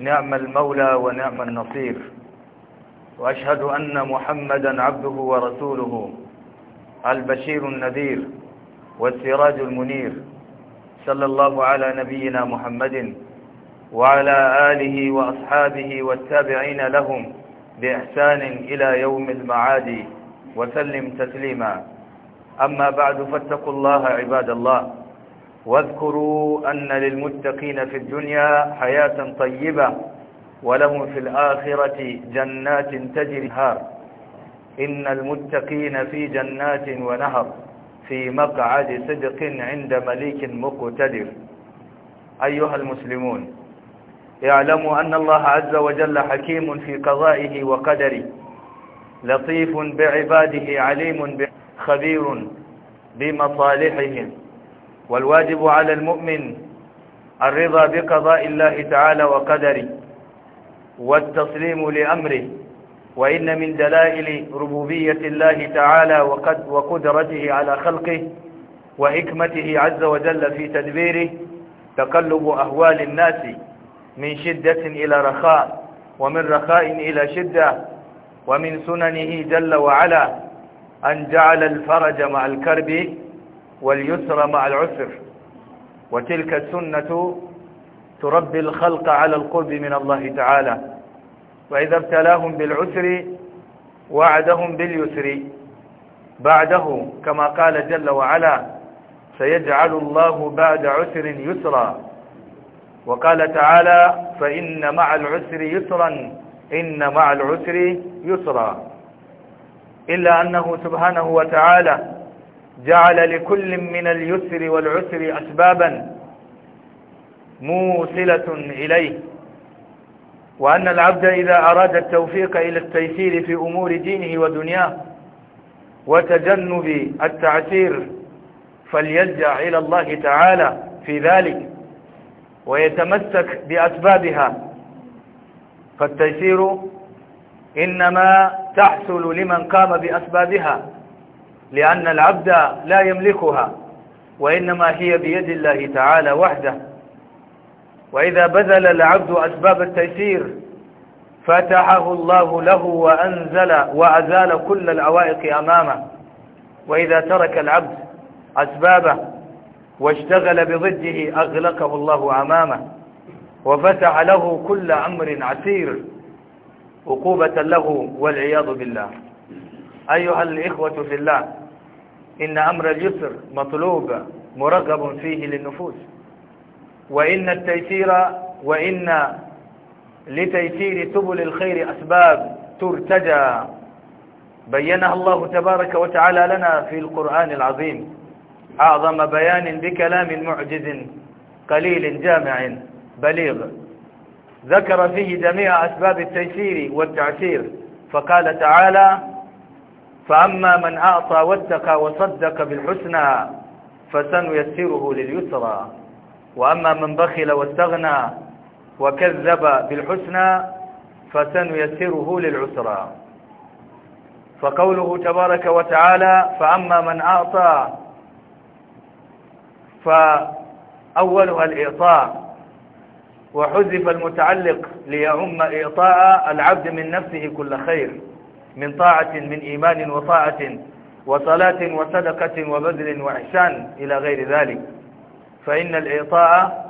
نعم المولى ونعم النصير وأشهد أن محمدا عبده ورسوله البشير النذير والسراج المنير صلى الله على نبينا محمد وعلى آله وأصحابه والتابعين لهم بإحسان إلى يوم المعاد وسلم تسليما أما بعد فاتقوا الله عباد الله واذكروا أن للمتقين في الدنيا حياة طيبة ولهم في الآخرة جنات تجري هار إن المتقين في جنات ونهر في مقعد صدق عند مليك مقتدر أيها المسلمون اعلموا أن الله عز وجل حكيم في قضائه وقدره لطيف بعباده عليم خبير بمصالحهم والواجب على المؤمن الرضا بقضاء الله تعالى وقدره والتسليم لأمره وإن من دلائل ربوبية الله تعالى وقد وقدرته على خلقه وحكمته عز وجل في تدبيره تقلب أهوال الناس من شدة إلى رخاء ومن رخاء إلى شدة ومن سننه جل وعلا أن جعل الفرج مع الكرب واليسر مع العسر وتلك السنة تربي الخلق على القرب من الله تعالى وإذا ابتلاهم بالعسر وعدهم باليسر بعده كما قال جل وعلا سيجعل الله بعد عسر يسرا وقال تعالى فإن مع العسر يسرا إن مع العسر يسرا إلا أنه سبحانه وتعالى جعل لكل من اليسر والعسر أسبابا موصلة إليه وأن العبد إذا أراد التوفيق إلى التيسير في أمور دينه ودنياه وتجنب التعسير فليلجأ إلى الله تعالى في ذلك ويتمسك بأسبابها فالتيسير إنما تحصل لمن قام بأسبابها لأن العبد لا يملكها وإنما هي بيد الله تعالى وحده وإذا بذل العبد أسباب التيسير فتحه الله له وأنزل وأزال كل العوائق أمامه وإذا ترك العبد أسبابه واشتغل بضده أغلقه الله أمامه وفتح له كل أمر عسير عقوبة له والعياذ بالله أيها الإخوة في الله إن أمر اليسر مطلوب مرغب فيه للنفوس وإن التيسير وإن لتيسير سبل الخير أسباب ترتجى بينها الله تبارك وتعالى لنا في القرآن العظيم أعظم بيان بكلام معجز قليل جامع بليغ ذكر فيه جميع أسباب التيسير والتعسير فقال تعالى فأما من أعطى واتقى وصدق بالحسنى فسنيسره لليسرى وأما من بخل واستغنى وكذب بالحسنى فسنيسره للعسرى فقوله تبارك وتعالى فأما من أعطى فأولها الإعطاء وحذف المتعلق ليعم إعطاء العبد من نفسه كل خير من طاعة من إيمان وطاعة وصلاة وصدقة وبذل وإحسان إلى غير ذلك فإن الإعطاء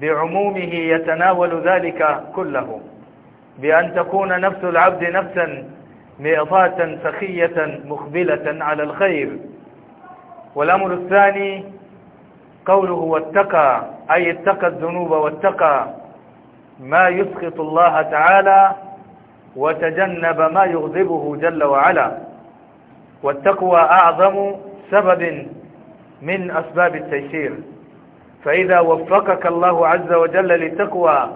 بعمومه يتناول ذلك كله بأن تكون نفس العبد نفسا مئضاة سخية مقبلة على الخير والأمر الثاني قوله واتقى أي اتقى الذنوب واتقى ما يسخط الله تعالى وتجنب ما يغضبه جل وعلا والتقوى أعظم سبب من أسباب التيسير فإذا وفقك الله عز وجل للتقوى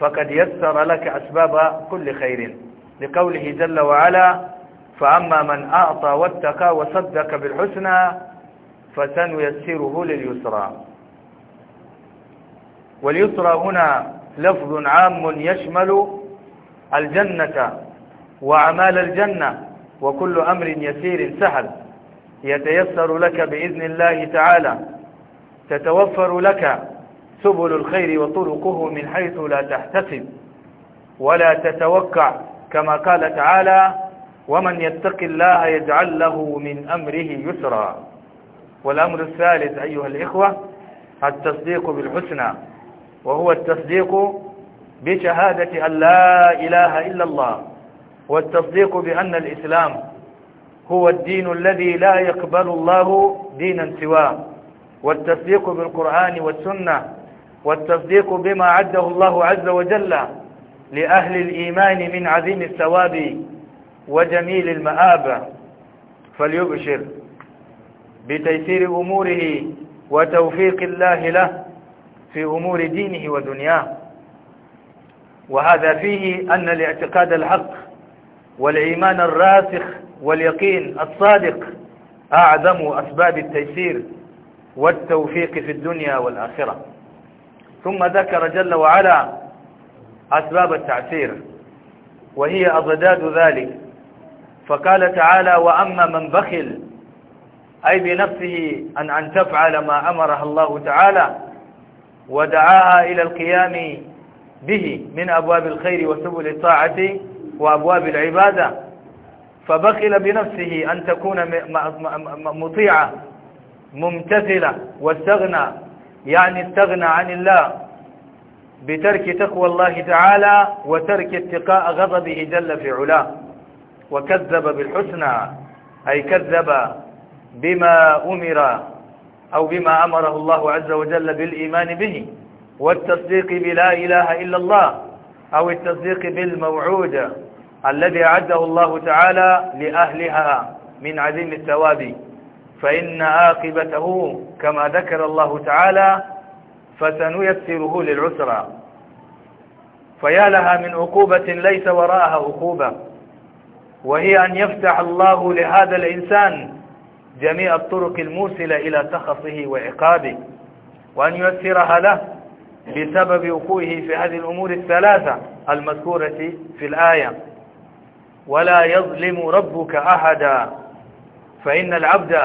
فقد يسر لك أسباب كل خير لقوله جل وعلا فأما من أعطى واتقى وصدق بالحسنى فسنيسره لليسرى واليسرى هنا لفظ عام يشمل الجنة وأعمال الجنة وكل أمر يسير سهل يتيسر لك بإذن الله تعالى تتوفر لك سبل الخير وطرقه من حيث لا تحتسب ولا تتوقع كما قال تعالى ومن يتق الله يجعل له من أمره يسرا والأمر الثالث أيها الإخوة التصديق بالحسنى وهو التصديق بشهادة أن لا إله إلا الله والتصديق بأن الإسلام هو الدين الذي لا يقبل الله دينا سواه والتصديق بالقرآن والسنة والتصديق بما عده الله عز وجل لأهل الإيمان من عظيم الثواب وجميل المآب فليبشر بتيسير أموره وتوفيق الله له في أمور دينه ودنياه وهذا فيه أن الاعتقاد الحق والإيمان الراسخ واليقين الصادق أعظم أسباب التيسير والتوفيق في الدنيا والآخرة ثم ذكر جل وعلا أسباب التعسير وهي أضداد ذلك فقال تعالى وأما من بخل أي بنفسه أن أن تفعل ما أمرها الله تعالى ودعاها إلى القيام به من أبواب الخير وسبل الطاعة وأبواب العبادة فبخل بنفسه أن تكون مطيعة ممتثلة واستغنى يعني استغنى عن الله بترك تقوى الله تعالى وترك اتقاء غضبه جل في علاه وكذب بالحسنى أي كذب بما أمر أو بما أمره الله عز وجل بالإيمان به والتصديق بلا إله إلا الله أو التصديق بالموعود الذي أعده الله تعالى لأهلها من عظيم الثواب فإن عاقبته كما ذكر الله تعالى فسنيسره للعسرى فيا لها من عقوبة ليس وراءها عقوبة وهي أن يفتح الله لهذا الإنسان جميع الطرق الموصلة إلى تخصه وعقابه وأن ييسرها له بسبب وقوعه في هذه الأمور الثلاثة المذكورة في الآية ولا يظلم ربك أحدا فإن العبد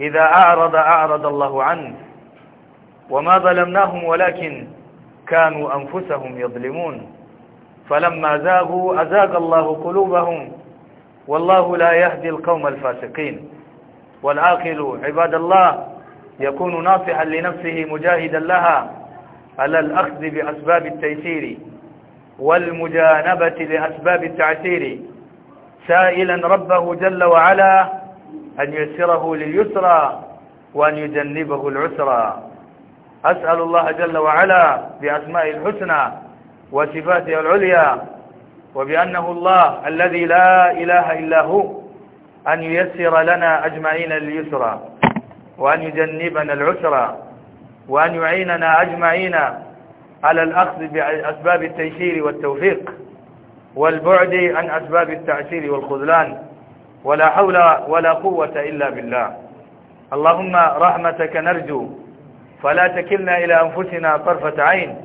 إذا أعرض أعرض الله عنه وما ظلمناهم ولكن كانوا أنفسهم يظلمون فلما زاغوا أزاغ الله قلوبهم والله لا يهدي القوم الفاسقين والعاقل عباد الله يكون ناصحا لنفسه مجاهدا لها على الأخذ بأسباب التيسير والمجانبة لأسباب التعسير سائلا ربه جل وعلا أن يسره لليسرى وأن يجنبه العسرى أسأل الله جل وعلا بأسماء الحسنى وصفاته العليا وبأنه الله الذي لا إله إلا هو أن ييسر لنا أجمعين اليسرى وأن يجنبنا العسرى وأن يعيننا أجمعين على الأخذ بأسباب التيسير والتوفيق والبعد عن أسباب التعسير والخذلان ولا حول ولا قوة إلا بالله اللهم رحمتك نرجو فلا تكلنا إلى أنفسنا طرفة عين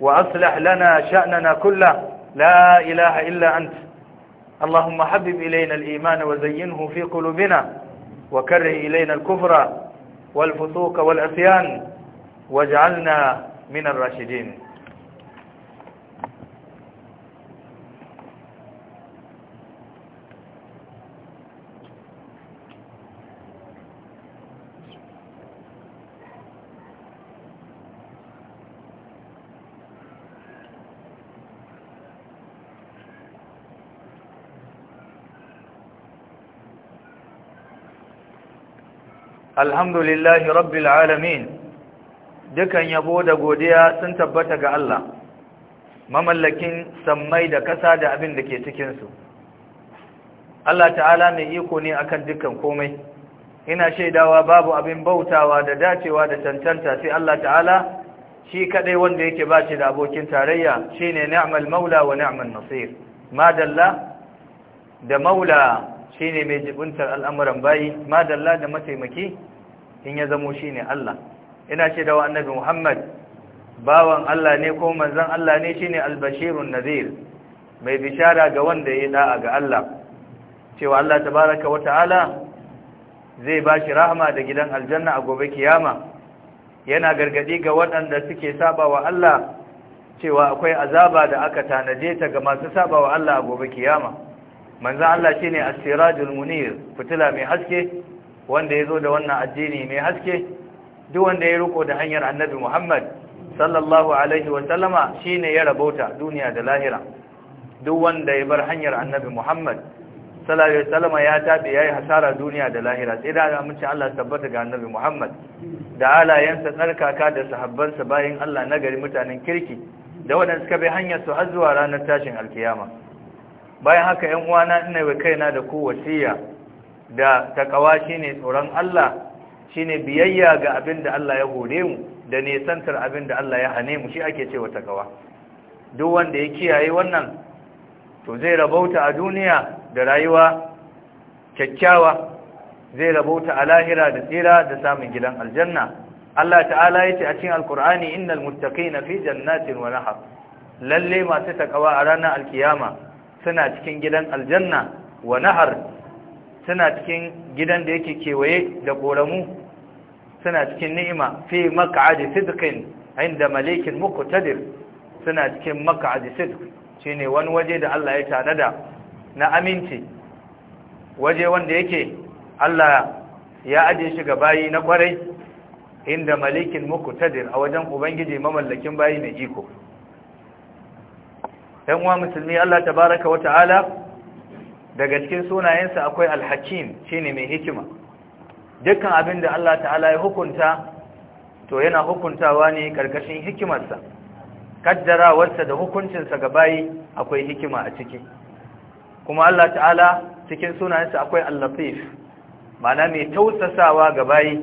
وأصلح لنا شأننا كله لا إله إلا أنت اللهم حبب إلينا الإيمان وزينه في قلوبنا وكره إلينا الكفر والفسوق والعصيان واجعلنا من الراشدين الحمد لله رب العالمين dukan yabo da godiya sun tabbata ga Allah mamallakin sammai da kasa da abin da ke cikinsu Allah ta'ala mai iko ne akan dukkan komai ina shaidawa babu abin bautawa da dacewa da tantanta sai Allah ta'ala shi kadai wanda yake ba shi da abokin tarayya shine ni'mal maula wa ni'mal nasir madalla da maula shine mai jibuntar al'amuran bayi madalla da mataimaki in ya zamo shine Allah ina ce da annabi Muhammad bawan Allah ne ko manzon Allah ne shine al-bashirun nadhir mai bishara ga wanda ya da'a ga Allah cewa Allah tabaaraka wa ta'ala zai bashi rahama da gidan aljanna a gobe kiyama yana gargadi ga waɗanda suke sabawa Allah cewa akwai azaba da aka tanaje ta ga masu sabawa Allah a gobe kiyama manzon Allah shine as-sirajul munir fitila mai haske wanda yazo da wannan addini mai haske duk wanda ya riko da hanyar annabi Muhammad sallallahu alaihi wa sallama shine ya rabota duniya da lahira duk wanda ya bar hanyar annabi Muhammad sallallahu alaihi wa sallama ya tabe yayi hasara duniya da lahira sai da amince Allah tabbata ga annabi Muhammad da alayansa tsarkaka da sahabbansa bayin Allah gari mutanen kirki da wadanda suka bi hanyar su har zuwa ranar tashin alkiyama bayan haka ƴan uwana ina wa kaina da ku wasiya da takawa shine tsoron Allah shine biyayya ga abin da Allah ya hore mu da nesantar abin da Allah ya hane mu shi ake cewa takawa duk wanda ya kiyaye wannan to zai rabauta a duniya da rayuwa kyakkyawa zai rabauta a lahira da tsira da samun gidan aljanna Allah ta'ala ya ce a cikin alqur'ani innal muttaqina fi jannatin wa nahar lalle masu takawa a ranar alkiyama suna cikin gidan aljanna wa nahar suna cikin gidan da yake kewaye da ƙoramu suna cikin ni'ima fi maka'adi a inda malikin tadir suna cikin maka'adi shi ne wani waje da Allah ya tanada na aminci waje wanda yake Allah ya ajiye shi ga bayi na kwarai inda malikin tadir a wajen ubangiji mamallakin bayi mai iko yan uwa musulmi Allah ta baraka wa ta'ala daga cikin sunayensa akwai alhakim shine mai hikima dukkan abin da Allah ta'ala ya hukunta to yana hukuntawa ne karkashin hikimarsa kaddarawarsa da hukuncinsa ga bayi akwai hikima a ciki kuma Allah ta'ala cikin sunayensa akwai al-latif ma'ana mai tausasawa ga bayi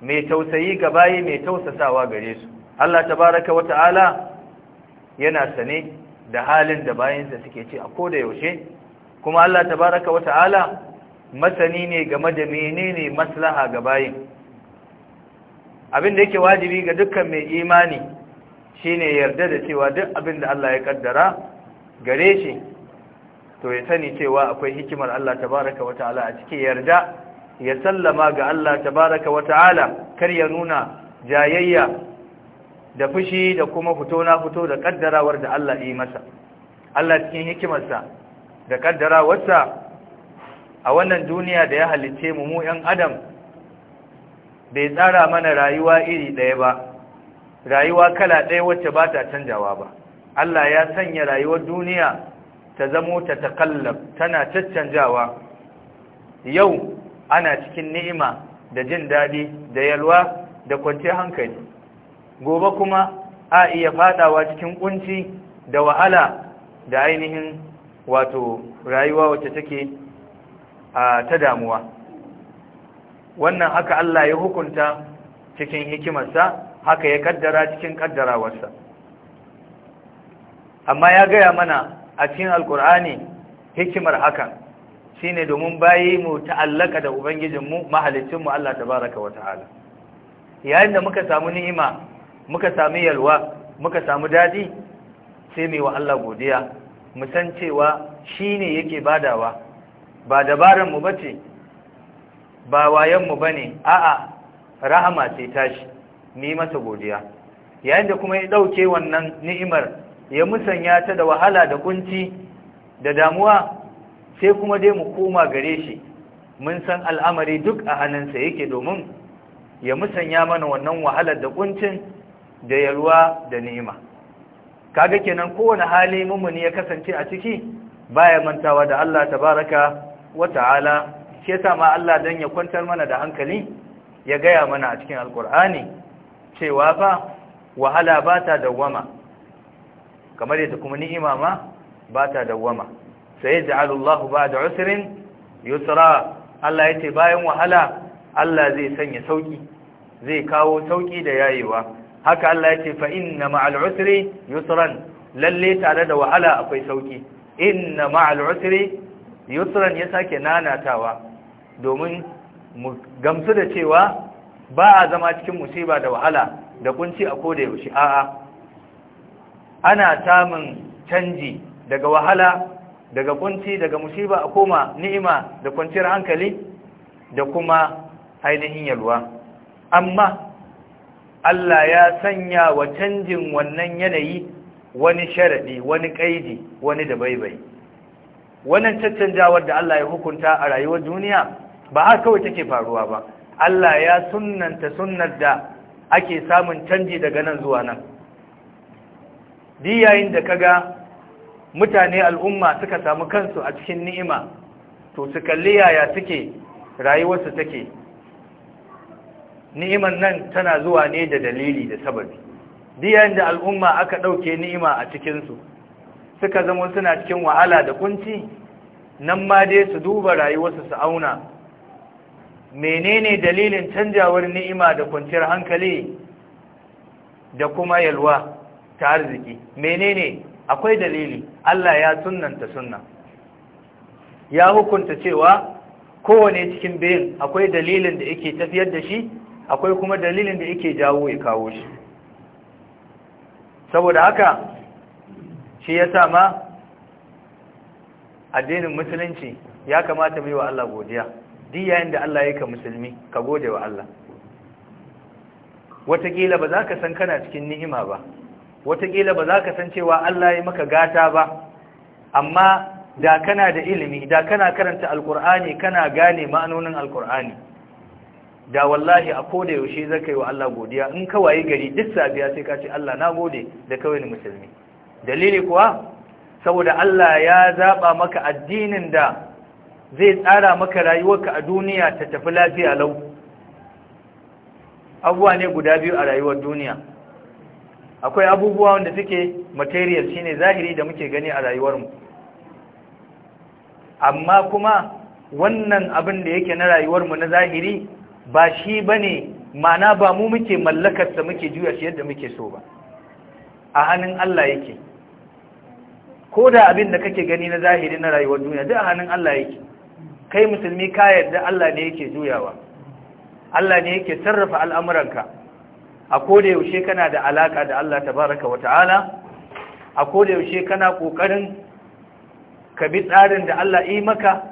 mai tausayi ga bayi mai tausasawa gare su Allah tabaraka ta'ala yana sane da halin da bayansa suke ci a koda yaushe kuma Allah tabaraka wa ta'ala masani ne game da menene maslaha ga bayin abin da yake wajibi ga dukkan mai imani shine yarda da cewa duk abin da Allah ya kaddara gare shi to ya sani cewa akwai hikimar Allah tabaraka wa ta'ala a cikin yarda ya sallama ga Allah tabaraka wa ta'ala kar ya nuna jayayya da fushi da kuma fito na fito da kaddarawar da Allah yi masa Allah cikin hikimarsa da kaddara a wannan duniya da ya halice mu mu ‘yan adam bai tsara mana rayuwa iri ɗaya ba rayuwa kala ɗaya wacce ba ta canjawa ba Allah ya sanya rayuwar duniya ta zamo ta takallab tana caccanjawa yau ana cikin ni'ima da jin daɗi da yalwa da kwanciyar hankali gobe kuma a iya faɗawa cikin ƙunci da wahala da ainihin wato rayuwa wacce take ta damuwa wannan haka Allah ya hukunta cikin hikimarsa haka ya kaddara cikin kaddarawarsa amma ya gaya mana a cikin alkur'ani hikimar hakan shine domin bayi mu ta'allaka da ubangijinmu mahalicinmu Allah tabaraka wa ta'ala yayin da muka samu ni'ima muka samu yalwa muka samu daɗi, sai mai wa Allah godiya mu san cewa ne yake badawa ba dabaran mu bace ba wayan mu bane a'a rahama ce tashi ni masa godiya yayin da kuma ya dauke wannan ni'imar ya musanya ta da wahala da kunci da damuwa sai kuma dai mu koma gare shi mun san al'amari duk a hannunsa yake domin ya musanya mana wannan wahalar da kuncin da yalwa da ni'ima kaga kenan kowane hali mummuni ya kasance a ciki baya mantawa da Allah tabaraka wa ta'ala Ke yasa ma Allah dan ya kwantar mana da hankali ya gaya mana a cikin alkur'ani cewa fa wahala ba ta dawwama kamar yadda kuma ni'ima ma ba ta dawwama sai ja'alullahu ba'da usrin yusra Allah yace bayan wahala Allah zai sanya sauki zai kawo sauki da yayewa haka Allah ya ce fa inna ma'al usri yusran lalle tare da wahala akwai sauki inna ma'al usri yusran ya sake nanatawa domin mu gamsu da cewa ba a zama cikin musiba da wahala da kunci a koda yaushe a'a ana samun canji daga wahala daga kunci daga musiba a koma ni'ima da kwanciyar hankali da kuma ainihin yalwa amma Allah ya sanya wa canjin wannan yanayi wani sharaɗi wani ƙaidi wani da baibai wannan caccanjawar da Allah ya hukunta a rayuwar duniya ba haka kawai take faruwa ba Allah ya sunnanta sunnar da ake samun canji daga nan zuwa nan yayin da kaga mutane al'umma suka samu kansu a cikin ni'ima to su kalli yaya suke rayuwarsu take ni'imar nan tana zuwa ne da dalili da sababi diyan da al'umma aka ɗauke ni'ima a cikinsu suka zama suna cikin wahala da kunci nan ma dai su duba rayuwarsu su auna menene dalilin canjawar ni'ima da kwanciyar hankali da kuma yalwa ta arziki menene akwai dalili Allah ya sunanta sunna ya hukunta cewa kowane cikin biyun akwai dalilin da yake tafiyar da shi akwai kuma dalilin da yake jawo ya kawo shi saboda haka shi ya sa ma addinin musulunci ya kamata mu wa Allah godiya duk da Allah ya ka musulmi ka gode wa Allah wataƙila ba za ka san kana cikin ni'ima ba wataƙila ba za ka san cewa Allah ya maka gata ba amma da kana da ilimi da kana karanta alkur'ani kana gane ma'anonin alkur'ani da wallahi a koda yaushe zaka yi wa Allah godiya in ka waye gari duk safiya sai ka ce Allah na gode da kawai ni musulmi dalili kuwa saboda Allah ya zaba maka addinin da zai tsara maka rayuwarka a duniya ta tafi lafiya lau abubuwa ne guda biyu a rayuwar duniya akwai abubuwa wanda suke material shine zahiri da muke gani a rayuwarmu amma kuma wannan abin da yake na rayuwarmu na zahiri ba shi ba ne ma'ana ba mu muke mallakarsa muke juya shi yadda muke so ba a hannun Allah yake ko da abin da kake gani na zahiri na rayuwar duniya duk a hannun Allah yake kai musulmi ka yarda Allah ne yake juyawa Allah ne yake sarrafa al'amuranka a da yaushe kana da alaka da Allah Ta baraka wa ta'ala a da yaushe kana ƙoƙarin ka bi tsarin da Allah yi maka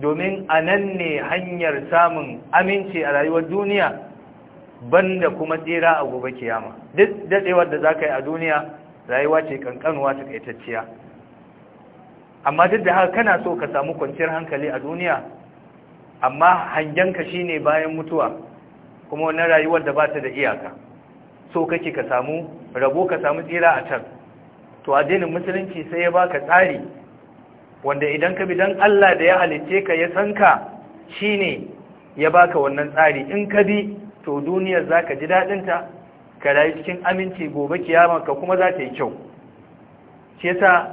domin a nan ne hanyar samun aminci a rayuwar duniya banda kuma tsira a gobe kiyama duk daɗewar da za ka yi a duniya rayuwa ce kankanuwa ta kaitacciya amma duk da haka kana so ka samu kwanciyar hankali a duniya amma hangen hangenka ne bayan mutuwa kuma wannan rayuwar da ba ta da iyaka so kake ka samu rabo ka samu tsira a can to addinin musulunci sai ya baka tsari wanda idan ka bi dan Allah da ya halice ka ya san ka ne ya baka wannan tsari in ka bi to duniyar ka ji daɗinta ta ka rayu cikin aminci gobe kiyama ka kuma za ta yi kyau shi yasa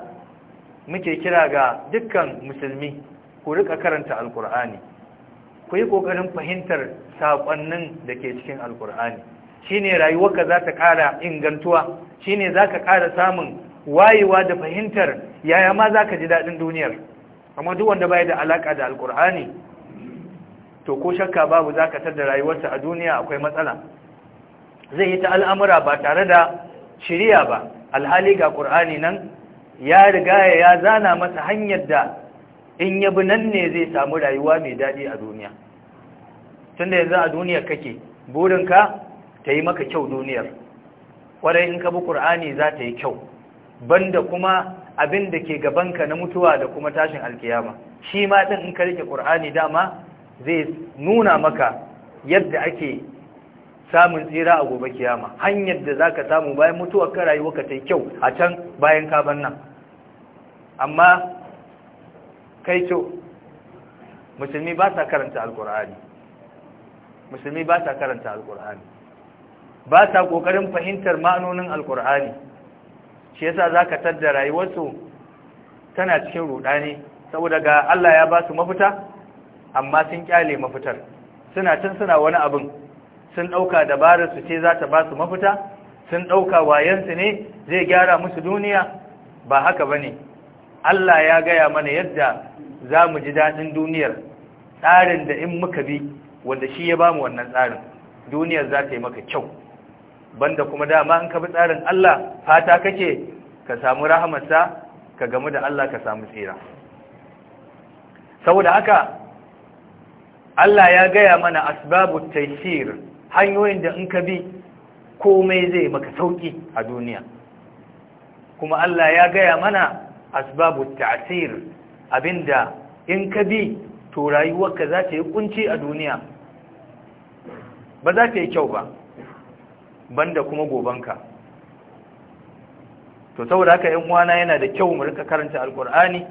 muke kira ga dukkan musulmi ku rika karanta alkur'ani ku yi ƙoƙarin fahimtar saƙonnin da ke cikin alkur'ani shine rayuwarka za ta ƙara ingantuwa Shi ne za ka ƙara samun wayewa da fahimtar yaya ma za ka ji daɗin duniyar amma duk wanda baya da alaƙa da alƙur'ani to ko shakka babu za ka da rayuwarsa a duniya akwai matsala zai yi ta al'amura ba tare da shirya ba alhali ga ƙur'ani nan ya riga ya zana masa hanyar da in ya bi nan ne zai samu rayuwa mai daɗi a duniya Tunda yanzu a duniyar kake burinka ta yi maka kyau duniyar kwarai in ka bi ƙur'ani za ta yi kyau banda kuma abin da ke gabanka na mutuwa da kuma tashin alkiyama shi ma din in ka rike qur'ani dama zai nuna maka yadda ake samun tsira a gobe kiyama hanyar da zaka samu bayan mutuwar ka rayuwa ka tai kyau a can bayan ka nan amma kai to musulmi ba sa karanta alkur'ani musulmi ba sa karanta alkur'ani ba sa kokarin fahimtar ma'anonin alkur'ani shi yasa zaka tadda rayuwarsu tana cikin ruɗani saboda ga Allah ya ba su mafita amma sun kyale mafitar suna tun suna wani abin sun ɗauka dabarar su ce za ta ba su mafita sun dauka wayansu ne zai gyara musu duniya ba haka bane Allah ya gaya mana yadda za mu ji daɗin duniyar tsarin da in muka bi wanda shi ya ba mu wannan tsarin duniyar za ta yi maka kyau banda kuma dama in ka bi tsarin Allah fata kake ka samu rahamarsa ka gamu da Allah ka samu tsira saboda haka Allah ya gaya mana asbabu taysir hanyoyin da in ka bi komai zai maka sauki a duniya kuma Allah ya gaya mana asbabu ta'sir abinda in ka bi to rayuwarka za ta yi kunci a duniya ba za ta yi kyau ba banda kuma gobanka to saboda haka yan uwana yana da kyau mu rika karanta alkur'ani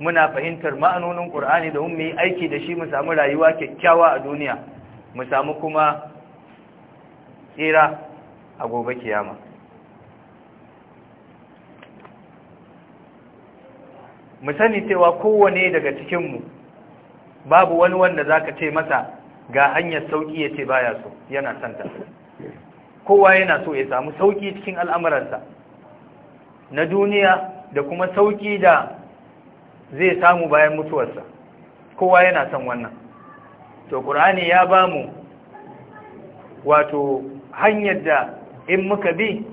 muna fahimtar ma'anonin qur'ani da mu yi aiki da shi mu samu rayuwa kyakkyawa a duniya mu samu kuma tsira a gobe kiyama mu sani cewa kowane daga cikinmu babu wani wanda zaka ce masa ga hanyar sauki yace baya so yana santa kowa yana so ya samu sauki cikin al'amuransa na duniya da kuma sauki da zai samu bayan mutuwarsa kowa yana son wannan to ƙur'ani ya ba mu wato hanyar da in muka bi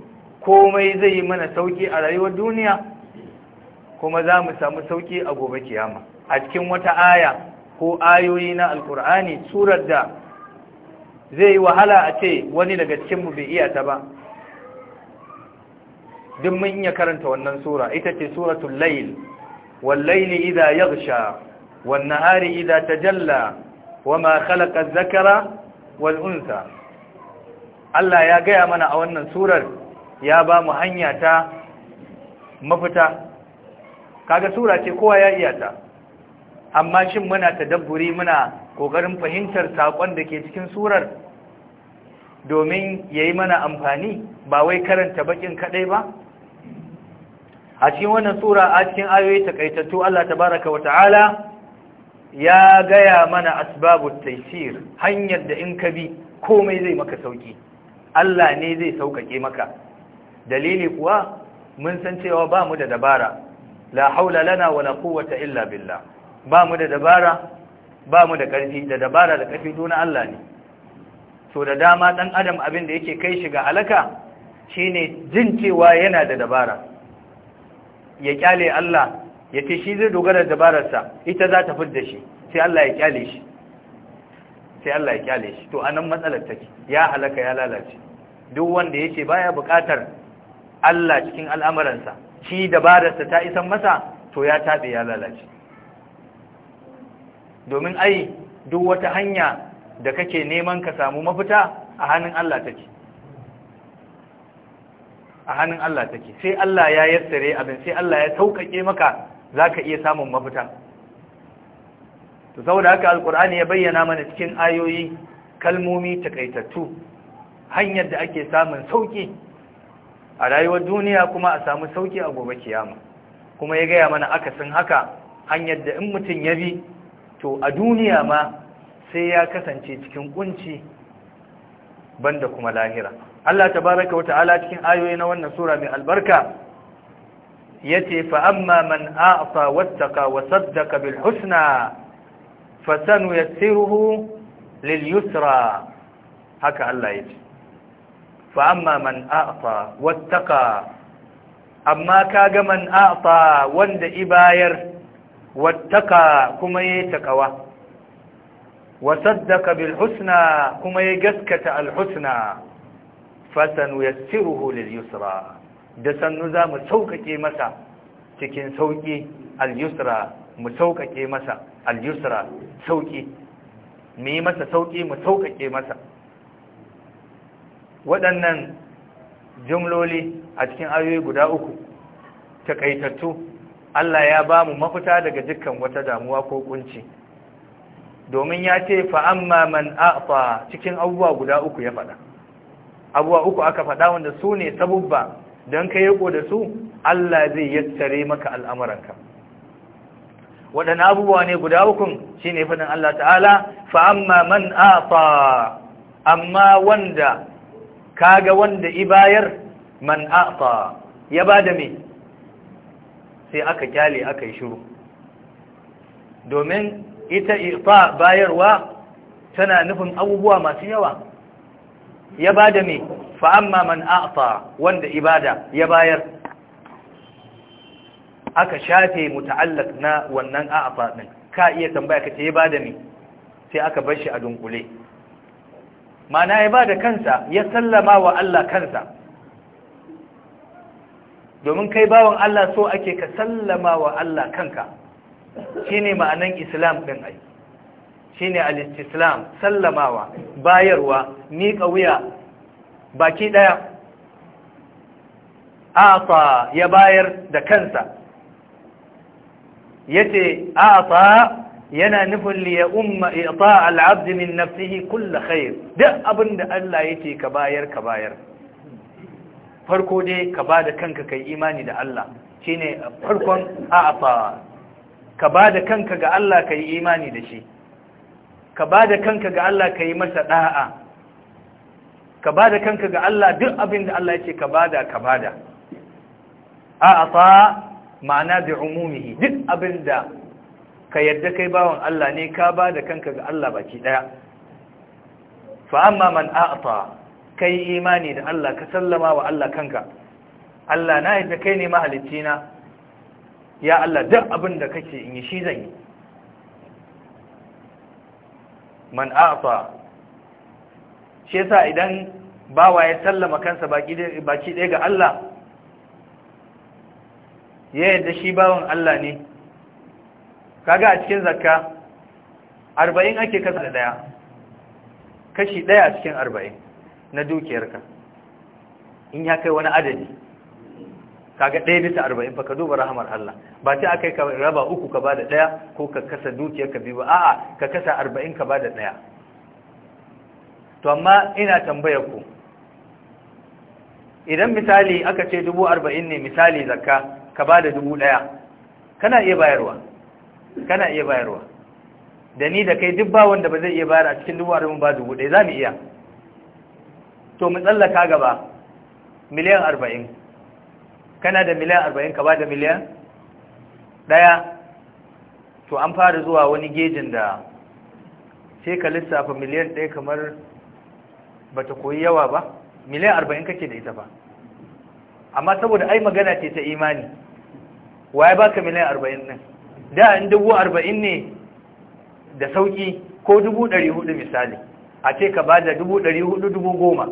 komai zai yi mana sauki a rayuwar duniya kuma za mu samu sauki a gobe kiyama a cikin wata aya ko ayoyi na alkur'ani surar da zai yi wahala a ce wani daga cikinmu bai iya ta ba duk mun iya karanta wannan sura ita ce suratul layl wal layli idha yaghsha wan nahari idha tajalla wama khalaqa adh-dhakara wal untha Allah ya gaya mana a wannan surar ya ba mu hanya ta mafita kaga sura ce kowa ya iya ta amma shin muna tadabburi muna kokarin fahimtar sakon da ke cikin surar domin yayi mana amfani ba wai karanta bakin kadai ba a cikin wannan sura a cikin ayoyi takaitattu Allah tabaraka wa ta'ala ya gaya mana asbabut taysir hanyar da in ka bi komai zai maka sauki Allah ne zai saukake maka dalili kuwa mun san cewa ba mu da dabara la haula lana wala quwwata illa billah ba mu da dabara ba mu da ƙarfi da dabara da ƙarfi tuna Allah ne to da dama ɗan adam abin da yake kai shiga alaka shine jin cewa yana da dabara ya kyale Allah ya ce shi zai dogara da dabararsa ita za ta fidda shi sai Allah ya kyale shi sai Allah ya kyale shi to anan matsalar take ya halaka ya lalace duk wanda yake baya buƙatar Allah cikin al'amuransa shi dabararsa ta isan masa to ya tabe ya lalace domin ai duk wata hanya da kake neman ka samu mafita a hannun Allah take a hannun Allah take sai Allah ya yassare abin sai Allah ya sauƙaƙe maka zaka iya samun mafita to saboda haka alkur'ani ya bayyana mana cikin ayoyi kalmomi takaitattu hanyar da ake samun sauki a rayuwar duniya kuma a samu sauki a gobe kiyama kuma ya gaya mana akasin haka hanyar da in mutum ya bi to a duniya ma sai ya kasance cikin kunci banda kuma lahira Allah tabaraka wa ta'ala cikin ayoyi na wannan sura mai albarka yace fa amma man a'ta wattaqa wa saddaqa bil husna fasanuyassiruhu lil yusra haka Allah yace fa amma man a'ta wattaqa amma kaga man a'ta wanda ibayar wattaka kuma ya takawa wasaddaka bil husna kuma ya gaskata al husna fasanuyassiruhu lil yusra da sannu za mu sauƙaƙe masa cikin sauƙi al mu sauƙaƙe masa al sauƙi mu yi masa sauƙi mu sauƙaƙe masa waɗannan jumloli a cikin ayoyi guda uku taƙaitattu Allah ya ba mu mafita daga dukkan wata damuwa ko kunci domin ya ce fa amma man a'ta cikin abubuwa guda uku ya faɗa abubuwa uku aka faɗa wanda su ne sabubba don ka da su Allah zai yattare maka al'amuranka waɗanne abubuwa ne guda shi shine faɗin Allah ta'ala fa amma man a'ta amma wanda kaga wanda ibayar man a'ta ya ba da me sai aka kyale aka yi shiru domin ita ifa bayarwa tana nufin abubuwa masu yawa ya ba da fa fa'amma man a’afa wanda ibada ya bayar aka shafe muta'allak na wannan a'fa ɗin ka iya tambaya ka ce ya ba da mai, sai aka bar shi a dunkule mana ya ba da kansa ya sallama wa Allah kansa domin kai bawan Allah so ake ka sallama wa Allah kanka shine ma'anan islam ɗin ai shine al Alistislam sallamawa bayarwa ni wuya baki ɗaya. afa ya bayar da kansa Ya ce afa yana nufin liya umma ita al'abdi min nafsihi kulla khair duk abin da Allah ce ka bayar ka bayar farko dai ka ba da kanka kai imani da Allah Shi ne farkon a'afa ka ba da kanka ga Allah ka yi imani da shi ka ba da kanka ga Allah ka yi masa ɗa'a. ka ba da kanka ga Allah duk abin da Allah yake ka ba da ka ba bada a'afa ma'ana da umumihi duk abin da ka yadda kai bawan Allah ne ka ba da kanka ga Allah baki ɗaya. fa amma man a'afa kai imani da Allah ka sallama wa Allah kanka Allah na yi kai ne mahalicina ya Allah duk abin da kake in yi shi zan yi man a'ta shi yasa idan bawa ya sallama kansa baki baki ɗaya ga Allah ya yadda shi bawan Allah ne kaga a cikin zakka arba'in ake kasa da daya kashi daya a cikin arba'in na dukiyarka in ya kai wani adadi kaga ɗaya bisa arba'in fa ka duba rahamar Allah ba sai akai ka raba uku ka bada ɗaya ko ka kasa dukiyarka biyu ba a'a ka kasa arba'in ka bada ɗaya to amma ina tambaya ku idan misali aka ce dubu arba'in ne misali zakka ka bada dubu ɗaya kana iya bayarwa kana iya bayarwa da ni da kai duk ba wanda ba zai iya bayar a cikin dubu arba'in ba dubu ɗaya za mu iya to mu tsallaka gaba miliyan arba'in kana da miliyan arba'in ka ba da miliyan ɗaya to an fara zuwa wani gejin da sai ka lissafa miliyan ɗaya kamar ba ta koyi yawa ba miliyan arba'in kake da ita ba amma saboda ai magana ce ta imani waye baka miliyan arba'in ɗin da in dubu arba'in ne da sauƙi ko dubu ɗari hudu misali a ce ka ba da dubu ɗari hudu dubu goma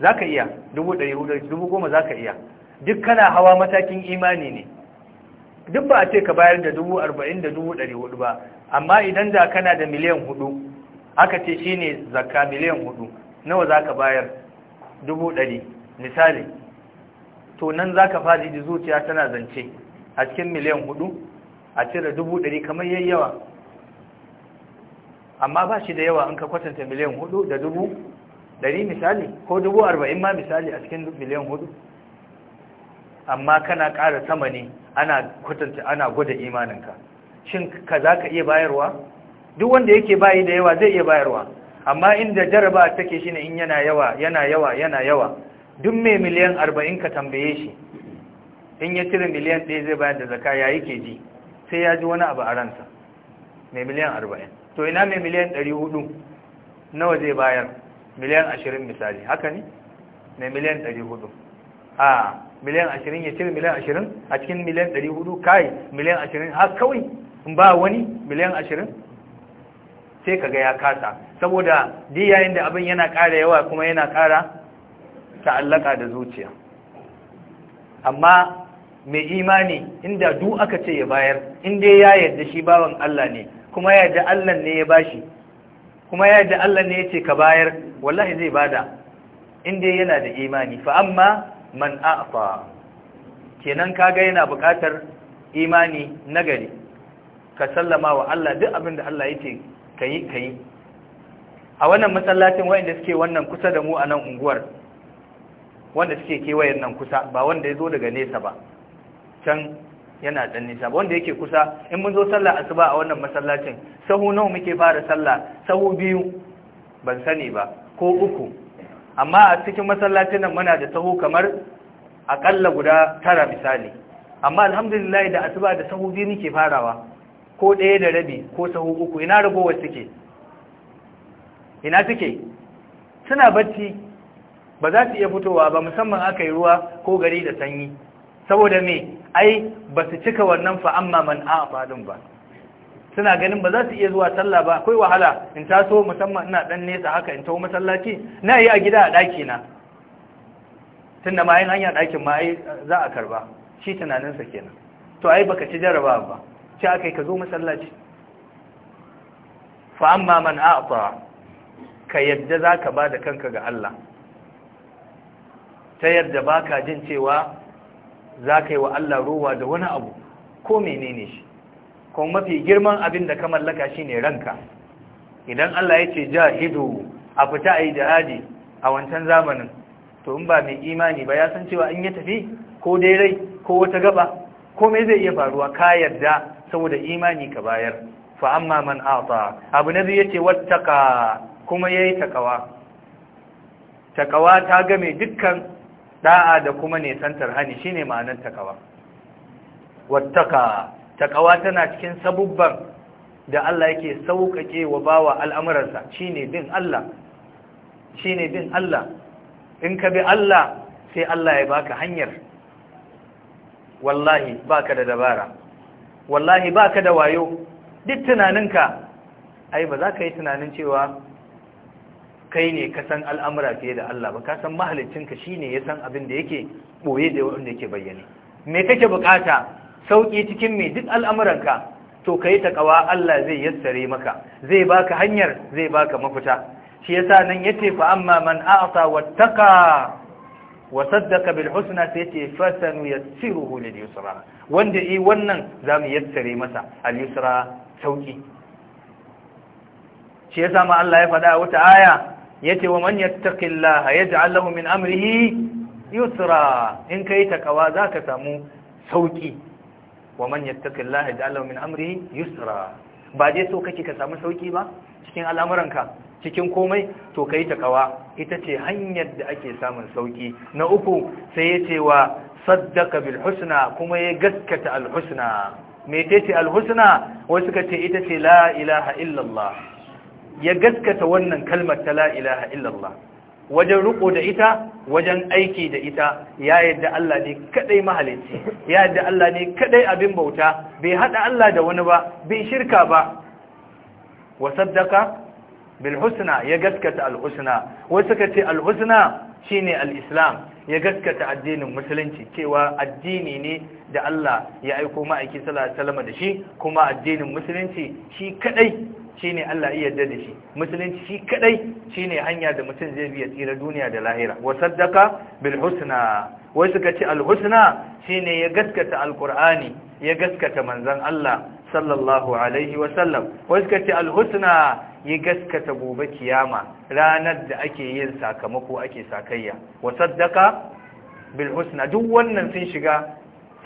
za ka iya dubu ɗari hudu dubu goma za ka iya duk kana hawa matakin imani ne duk ba a ce ka bayar da dubu arba'in da dubu ɗari hudu ba amma idan da kana da miliyan hudu aka ce shi ne zakka miliyan hudu nawa za ka bayar dubu ɗari misali to nan za ka faɗi da zuciya tana zance a cikin miliyan hudu a cire dubu ɗari kamar yayyawa amma ba shi da yawa an ka kwatanta miliyan hudu da dubu dari misali ko dubu arba'in ma misali a cikin miliyan hudu amma kana kara sama ne ana kwatanta ana gwada imaninka shin ka za ka iya bayarwa duk wanda yake bayi da yawa zai iya bayarwa amma inda jaraba take shi ne in yana yawa yana yawa yana yawa duk mai miliyan arba'in ka tambaye shi in ya cire miliyan ɗaya zai bayar da zaka ya ke ji sai ya ji wani abu a ransa mai miliyan arba'in to ina mai miliyan 400 nawa zai bayar miliyan 20 misali haka ne mai miliyan 400 a miliyan 20 ya cire miliyan 20 a cikin miliyan 400 kai miliyan 20 har kawai in ba wani miliyan 20 sai kaga ya kasa saboda di yayin da abin yana ƙara yawa kuma yana ƙara ta'allaka da zuciya amma mai imani inda duk aka ce ya bayar inda ya yarda shi bawan Allah ne kuma ya ji Allah ne ya bashi kuma ya ji Allah ne ya ce ka bayar wallahi zai bada inda yana da imani fa amma man a'fa kenan ga yana buƙatar imani nagari ka sallama wa Allah duk abin da Allah yake kayi kai a wannan masallacin wayanda suke wannan kusa da mu a nan unguwar wanda suke kewayen nan kusa ba wanda ya zo daga nesa ba can yana dan nisa wanda yake kusa in mun zo sallah asuba a wannan masallacin sahu nawa muke fara sallah sahu biyu ban sani ba ko uku amma a cikin masallacin nan muna da sahu kamar akalla guda tara misali amma alhamdulillah da asuba da sahu biyu muke farawa ko ɗaya da rabi ko sahu uku ina ragowar suke ina suke suna bacci ba za su iya fitowa ba musamman aka yi ruwa ko gari da sanyi saboda me ai ba su cika wannan fa amma man a ba suna ganin ba za su iya zuwa sallah ba akwai wahala in taso musamman ina dan nesa haka in taho masallaci na yi a gida a daki na tunda ma yin hanya dakin ma ai eh, za a karba shi tunaninsa kenan to ai baka ci jaraba ba ci akai ka zo masallaci fa amma man a'ta ka yadda zaka da kanka ga Allah ta yadda ka jin cewa za ka yi wa Allah rowa da wani abu ko menene shi kuma mafi girman abin da ka mallaka shi ne ranka idan Allah ya ce Hidu a fita a yi da jihadi a wancan zamanin to in ba mai imani ba ya san cewa in ya tafi ko dai rai ko wata gaba Ko komai zai iya faruwa ka yarda saboda imani ka bayar fa amma man ata abu na zai yace wattaka kuma ya yayi takawa takawa ta game dukkan da'a da kuma nesantar hani shine ma'anar takawa wattaka takawa tana cikin sabubban da Allah yake sauƙaƙe wa bawa al'amuransa shine bin Allah shine bin Allah in ka bi Allah sai Allah ya baka hanyar wallahi baka da dabara wallahi baka da wayo duk tunaninka ai ba za ka yi tunanin cewa kai ne ka san al'amura fiye da Allah ba ka san mahalicinka shi ne ya san abin da yake ɓoye da wanda yake bayyane me kake bukata sauƙi cikin mai duk al'amuranka to ka yi taƙawa Allah zai yassare maka zai baka hanyar zai baka mafita shi yasa nan ya ce fa amma man wa saddaka bil husna sai ce fasanu yassiruhu lil yusra wanda wannan zamu yassare masa al yusra sauki shi yasa ma Allah ya faɗa wata aya yace wa man yattaqillaha yaj'al lahu min amrihi yusra in kai takawa zaka samu sauki wa man yattaqillaha yaj'al lahu min amrihi yusra ba je so kake ka samu sauki ba cikin al'amuranka cikin komai to kai takawa ita ce hanyar da ake samun sauki na uku sai yace wa saddaka bil husna kuma ya gaskata al husna me tace al husna wasu kace ita ce la ilaha illallah ya gaskata wannan kalmar ta la ilaha illallah wajen riko da ita wajen aiki da ita ya yadda Allah ne kadai mahalicci ya yadda Allah ne kadai abin bauta bai hada Allah da wani ba bai shirka ba wa saddaka bil husna ya gaskata al husna wasu suka ce al husna shine al islam ya gaskata addinin musulunci cewa addini ne da Allah ya aiko ma'aiki sallallahu alaihi da shi kuma addinin musulunci shi kadai ne Allah iya yarda da shi musulunci shi kadai shine hanya da mutum zai biya tsira duniya da lahira wa saddaka bil husna wai suka ce al husna shine ya gaskata qur'ani ya gaskata manzon Allah sallallahu alaihi wa sallam wai suka ce al husna ya gaskata gobe kiyama ranar da ake yin sakamako ake sakayya wa saddaka bil husna duk wannan sun shiga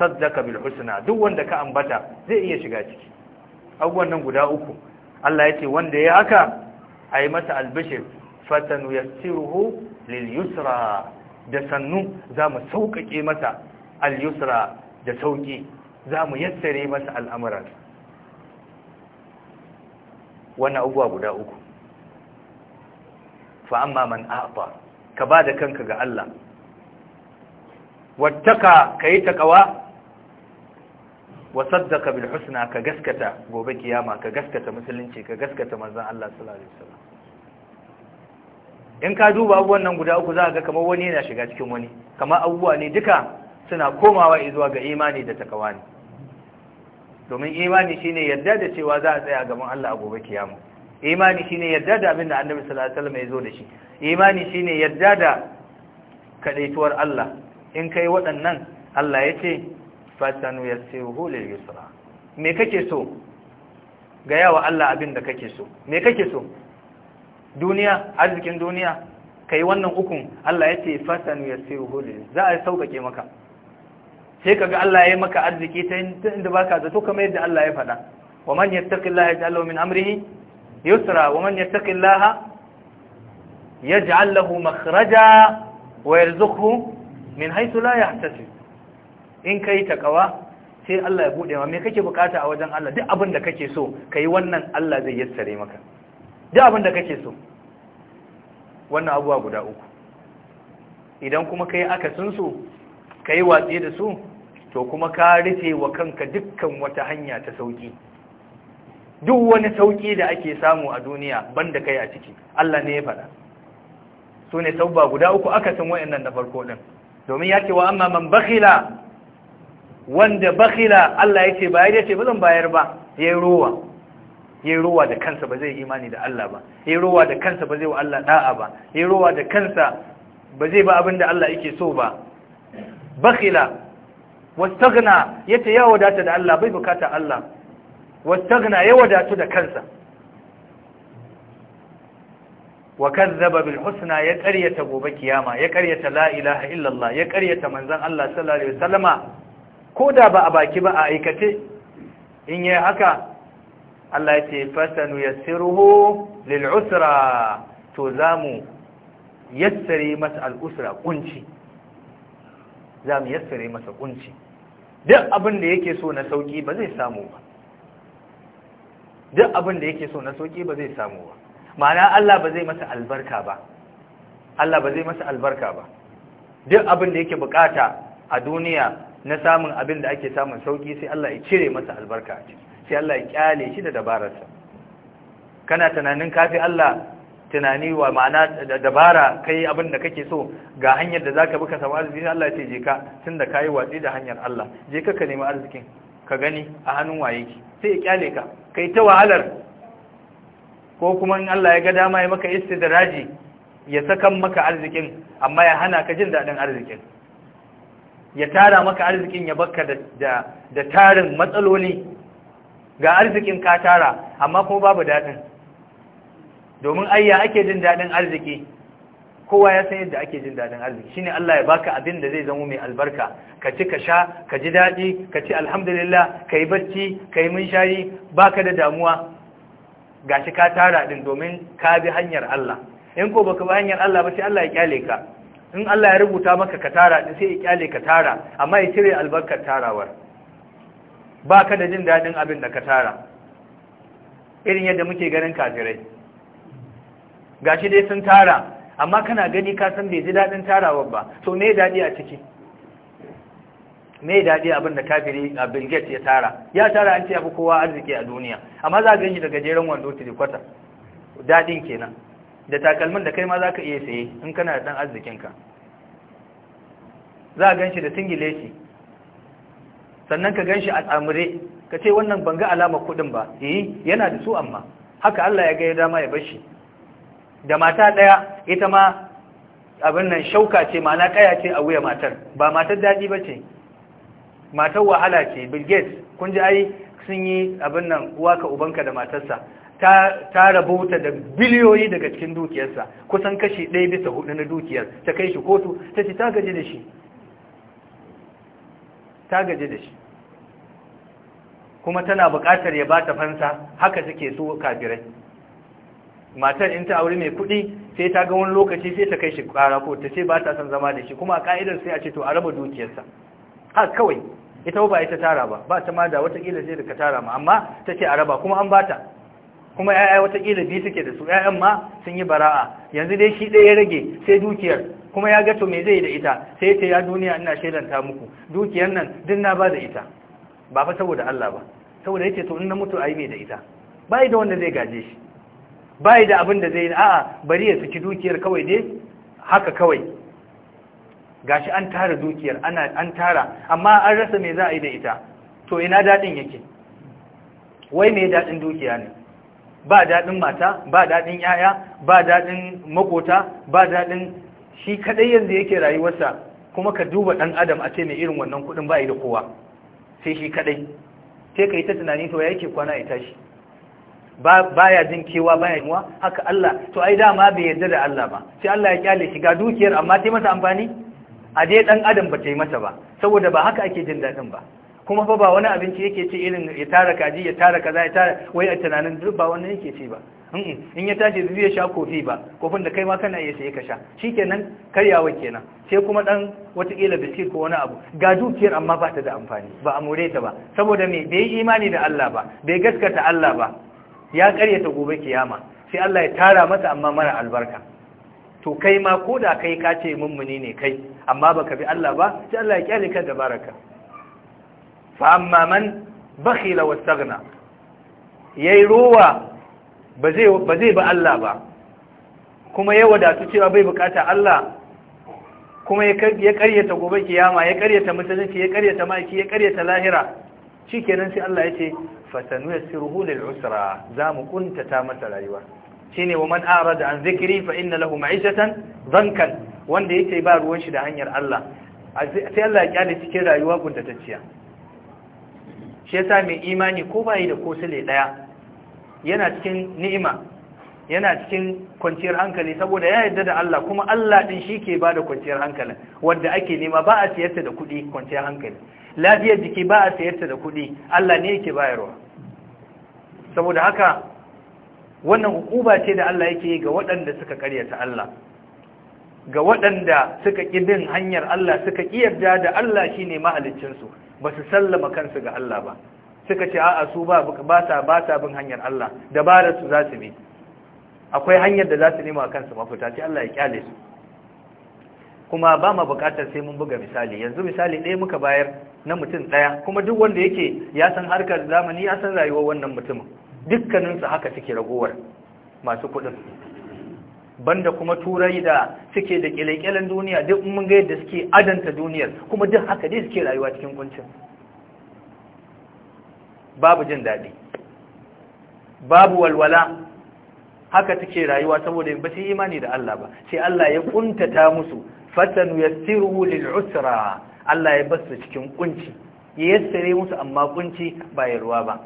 saddaka bil husna duk wanda ka ambata zai iya shiga ciki abubuwan nan guda uku Allah ya ce wanda ya haka a yi masa albishir fatanu ya siruhu da sannu za mu sauƙaƙe masa al-yusra da sauƙi za mu yassare masa al'amuran wannan abubuwa guda uku fa'amma man afa ka ba da kanka ga Allah wattaka ka yi taƙawa wa saddaka bil husna ka gaskata gobe kiyama ka gaskata musulunci ka gaskata manzon Allah sallallahu alaihi wasallam in ka duba abubuwan nan guda uku za ka ga kamar wani yana shiga cikin wani kamar abubuwa ne duka suna komawa zuwa ga imani da takawa ne domin imani shine yadda da cewa za a tsaya gaban Allah a gobe kiyama imani shine yadda da abin da Annabi sallallahu alaihi wasallam ya zo da shi imani shine yadda da kadaituwar Allah in kai waɗannan Allah ya ce fasanu yassiruhu lil yusra me kake so ga yawa Allah abin da kake so me kake so duniya arzikin duniya kai wannan ukun Allah ya ce fasanu yassiruhu lil za a sauƙaƙe maka sai kaga Allah ya maka arziki ta inda baka zato kamar yadda Allah ya faɗa wa man yattaqillaha yaj'al lahu min amrihi yusra wa man yattaqillaha yaj'al lahu makhraja wa min haythu la yahtasib in kai takawa sai Allah ya buɗe ma me kake bukata a wajen Allah duk abin da kake so ka yi wannan Allah zai yassare maka duk abin da kake so wannan abuwa guda uku idan kuma ka aka sun su yi watsi da su to kuma ka rufe wa kanka dukkan wata hanya ta sauki duk wani sauki da ake samu a duniya banda kai a ciki Allah ne ya faɗa su ne sauba guda uku aka san wayannan na farko ɗin. domin ya ce wa amma man bakhila wanda bakila Allah ya ce ba ya ce ba zan bayar ba ya ruwa rowa ruwa da kansa ba zai imani da Allah ba ya ruwa da kansa ba zai wa Allah da'a ba ya ruwa da kansa ba zai ba abinda Allah yake so ba bakila wastagna ya ce ya wadata da Allah bai bukata Allah wastagna ya wadatu da kansa wa kazzaba bil husna ya karyata gobe kiyama ya karyata la ilaha illallah ya karyata manzon Allah sallallahu alaihi wasallama ko da ba a baki ba a aikace in yi haka Allah ya ce fasanu yassiruhu lil usra to zamu yassare masa al usra kunci zamu yassare masa kunci duk abin da yake so na sauki ba zai samu ba duk abin da yake so na sauki ba zai samu ba ma'ana Allah ba zai masa albarka ba Allah ba zai masa albarka ba duk abin da yake bukata a duniya na samun abin da ake samun sauki sai Allah ya cire masa albarka a ciki sai Allah ya kyale shi da dabararsa kana tunanin kafi Allah tunani wa ma'ana da dabara kai abin da kake so ga hanyar da zaka bi ka samu arziki Allah ya ce je ka tunda kai watsi da hanyar Allah je ka ka nemi arzikin ka gani a hannun waye ki sai ya kyale ka kai ta wahalar ko kuma in Allah ya ga dama ya maka istidraji ya sakan maka arzikin amma ya hana ka jin dadin arzikin ya tara maka arzikin ya baka da tarin matsaloli ga arzikin ka tara amma kuma babu daɗin domin ayya ake jin daɗin arziki kowa ya san yadda ake jin daɗin arziki shine Allah ya baka abin da zai zama mai albarka ka ci ka sha ka ji daɗi ka ci alhamdulillah ka yi barci ka yi munshari baka da damuwa gashi ka tara din domin ka bi hanyar Allah in ko baka bi hanyar Allah ba sai Allah ya kyale ka in Allah ya rubuta maka ka tara din sai ya kyale ka tara amma ya cire albarkar tarawar ba ka da jin daɗin abin da ka tara irin yadda muke ganin kafirai Ga shi dai sun tara amma kana gani ka san bai ji daɗin tarawar ba to me daɗi a ciki me daɗi abin da kafiri a Bill ya tara ya tara an ce abu kowa arziki a duniya amma za a gani daga jeren wando tirikwata daɗin kenan da takalmin da kai ma za ka iya saye in kana da ɗan arzikinka za a gan shi da singileti sannan ka gan shi a tsamure ka ce wannan ban ga alamar kuɗin ba yi eh, yana da su amma haka Allah ya gaya dama ya bashi da mata ɗaya ita ma abin nan shauka ce ma'ana kaya ce a wuya matar ba matar daɗi ba ce matar wahala ce bill gates kun ji ai sun yi abin nan uwa ubanka da matarsa ta rabauta da biliyoyi daga cikin dukiyarsa kusan kashi ɗaya bisa hudu na dukiyar ta kai shi kotu ta ce ta gaji da shi ta gaji da shi kuma tana buƙatar ya ba ta fansa haka take so kafirai matar in ta aure mai kuɗi sai ta ga wani lokaci sai ta kai shi ƙara ko ta ce ba ta son zama da shi kuma a ƙa'idar sai a ce to a raba dukiyarsa ha kawai ita ba ita tara ba ba ta ma da watakila sai da ka tara ma amma ta ce a raba kuma an bata kuma ya'ya watakila biyu suke da su ya'yan ma sun yi bara'a yanzu dai shi ɗaya ya rage sai dukiyar kuma ya ga to me zai da ita sai ya ce ya duniya ina shelanta muku dukiyar nan duk na ba da ita ba fa saboda Allah ba saboda yace to in na mutu ayi me da ita bai da wanda zai gaje shi bai da abin da zai a'a bari ya saki dukiyar kawai dai haka kawai gashi an tara dukiyar ana an tara amma an rasa me za a yi da ita to ina dadin yake wai me dadin dukiya ne ba daɗin mata ba daɗin yaya ba daɗin makota ba daɗin shi kaɗai yanzu yake rayuwarsa kuma ka duba ɗan adam a ce mai irin wannan kuɗin ba da kowa sai shi kaɗai sai ka yi ta tunani to ya yake kwana ya tashi ya jin kewa ba ya yi haka Allah to ai dama bai yarda da Allah ba sai Allah ya kyale shiga dukiyar amma ta sai masa amfani a dai ɗan adam ba ta yi masa ba saboda ba haka ake jin daɗin ba kuma fa ba wani abinci yake ce irin ya tara kaji ya tara kaza ya tara wai a tunanin duk ba wannan yake ce ba in ya tashi zai sha kofi ba kofin da kai ma kana iya sai ka sha shikenan karyawa kenan sai kuma dan watakila biskit ko wani abu ga dukiyar amma ba ta da amfani ba a more ta ba saboda me bai imani da Allah ba bai gaskata Allah ba ya karyata gobe kiyama sai Allah ya tara masa amma mara albarka to kai ma koda kai ka ce mummuni ne kai amma baka bi Allah ba sai Allah ya kyale ka da baraka fa amma man bakhila wastaghna yayi ruwa ba ba zai ba Allah ba kuma ya wadatu cewa bai bukata Allah kuma ya karyata gobe kiyama ya karyata mutunci ya karyata maki ya karyata lahira shikenan sai Allah yace fatanu yassiruhu lil usra zamu kuntata masa rayuwa shine wa man arada an zikri fa inna lahu ma'ishatan dhankan wanda yake ba ruwan shi da hanyar Allah sai Allah ya kyale cikin rayuwa kuntatacciya shi yasa mai imani ko bai da kosile daya yana cikin ni'ima yana cikin kwanciyar hankali saboda ya yarda da Allah kuma Allah din shi ke bada kwanciyar hankali. wanda ake nema ba a siyar da kuɗi kwanciyar hankali lafiyar jiki ba a siyar da kuɗi Allah ne yake bayarwa saboda haka wannan hukuba ce da Allah yake yi ga waɗanda suka karyata Allah ga waɗanda suka ƙi bin hanyar Allah suka ƙi yarda da Allah shi ne mahaliccinsu ba su sallama kansu ga Allah ba suka ce a'a su ba ba bin hanyar Allah dabarar su za su bi akwai hanyar da za su nema kansu mafuta ce Allah ya kyale su kuma ba ma buƙatar sai mun buga misali yanzu misali ɗaya muka bayar na mutum ɗaya kuma duk wanda yake ya san harkar zamani ya san rayuwar wannan mutumin dukkaninsu haka suke ragowar masu kuɗin banda kuma turai da suke da kyalekyalen duniya duk mun ga yadda suke adanta duniyar kuma duk haka dai suke rayuwa cikin kuncin babu jin daɗi babu walwala haka take rayuwa saboda ba su imani da Allah ba sai Allah ya kuntata musu fatan yassiru lil usra Allah ya basu cikin kunci ya yassare musu amma kunci ba yarwa ba